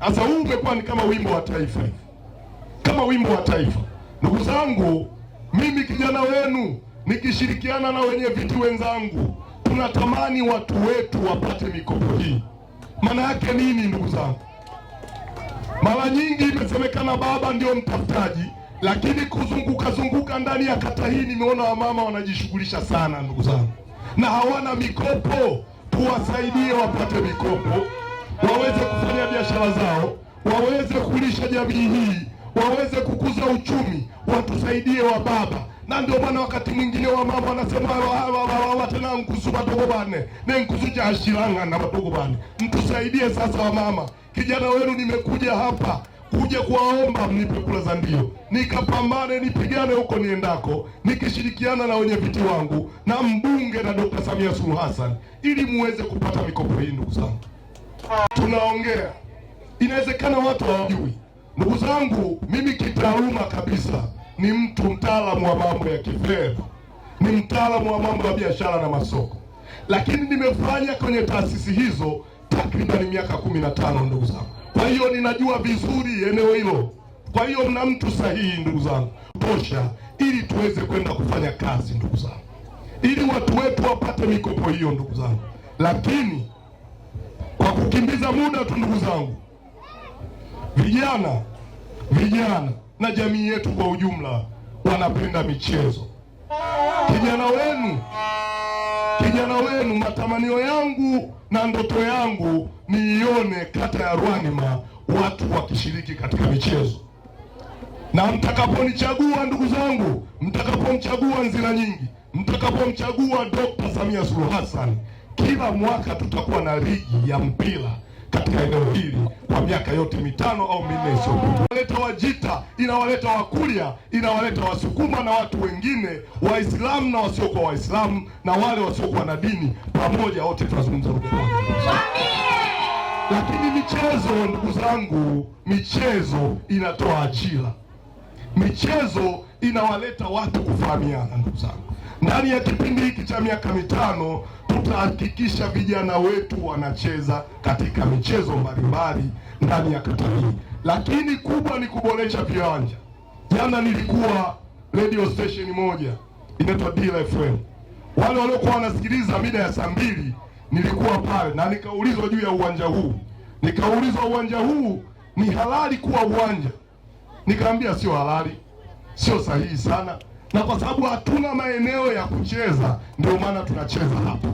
Sasa huu ungekuwa ni kama wimbo wa taifa hivi, kama wimbo wa taifa. Ndugu zangu, mimi kijana wenu nikishirikiana na wenye viti wenzangu, tunatamani watu wetu wapate mikopo hii. Maana yake nini, ndugu zangu? Mara nyingi imesemekana baba ndio mtafutaji, lakini kuzunguka zunguka ndani ya kata hii nimeona wamama wanajishughulisha sana, ndugu zangu, na hawana mikopo. Tuwasaidie wapate mikopo waweze kufanya biashara zao, waweze kulisha jamii hii, waweze kukuza uchumi, watusaidie wa baba na ndio maana wakati mwingine wa mama wanasema wate tena nkusu watogo bane ne nkusu jashiranga na watogo bane. Mtusaidie sasa wa mama, kijana wenu nimekuja hapa kuja kuwaomba mnipe kula za ndio, nikapambane nipigane huko niendako, nikishirikiana na wenyeviti wangu na mbunge na Dokta Samia Suluhu Hassan ili muweze kupata mikopo hii, ndugu zangu tunaongea, inawezekana watu hawajui. Ndugu zangu, mimi kitaaluma kabisa ni mtu mtaalamu wa mambo ya kifedha, ni mtaalamu wa mambo ya biashara na masoko, lakini nimefanya kwenye taasisi hizo takribani miaka kumi na tano ndugu zangu. Kwa hiyo ninajua vizuri eneo hilo. Kwa hiyo mna mtu sahihi ndugu zangu, tosha, ili tuweze kwenda kufanya kazi ndugu zangu, ili watu wetu wapate mikopo hiyo ndugu zangu, lakini kukimbiza muda tu, ndugu zangu, vijana vijana na jamii yetu kwa ujumla wanapenda michezo. Kijana wenu kijana wenu, matamanio yangu na ndoto yangu niione kata ya Rwanima watu wakishiriki katika michezo, na mtakaponichagua ndugu zangu, mtakapomchagua Nzira Nyingi, mtakapomchagua Dr. Samia Suluhu Hassan kila mwaka tutakuwa na ligi ya mpira katika eneo hili kwa miaka yote mitano au minne isiyopita. Inawaleta Wajita, inawaleta Wakulia, inawaleta Wasukuma na watu wengine, Waislamu na wasiokuwa Waislamu na wale wasiokuwa na dini, pamoja wote tunazungumza lugha moja. Lakini michezo, ndugu zangu, michezo inatoa ajira, michezo inawaleta watu kufahamiana, ndugu zangu. Ndani ya kipindi hiki cha miaka mitano tutahakikisha vijana wetu wanacheza katika michezo mbalimbali ndani ya kata hii, lakini kubwa ni kuboresha viwanja. Jana nilikuwa radio station moja inaitwa Dira FM, wale waliokuwa wanasikiliza mida ya saa mbili nilikuwa pale na nikaulizwa juu ya uwanja huu, nikaulizwa uwanja huu ni halali kuwa uwanja? Nikaambia sio halali, sio sahihi sana na kwa sababu hatuna maeneo ya kucheza, ndio maana tunacheza hapa.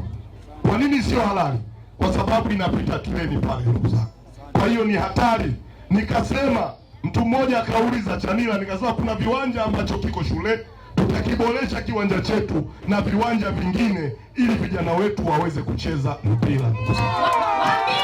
Kwa nini sio halali? Kwa sababu inapita treni pale, ndugu zangu. Kwa hiyo ni hatari. Nikasema mtu mmoja akauliza Chanila, nikasema kuna viwanja ambacho kiko shule, tutakiboresha kiwanja chetu na viwanja vingine, ili vijana wetu waweze kucheza mpira, ndugu zangu.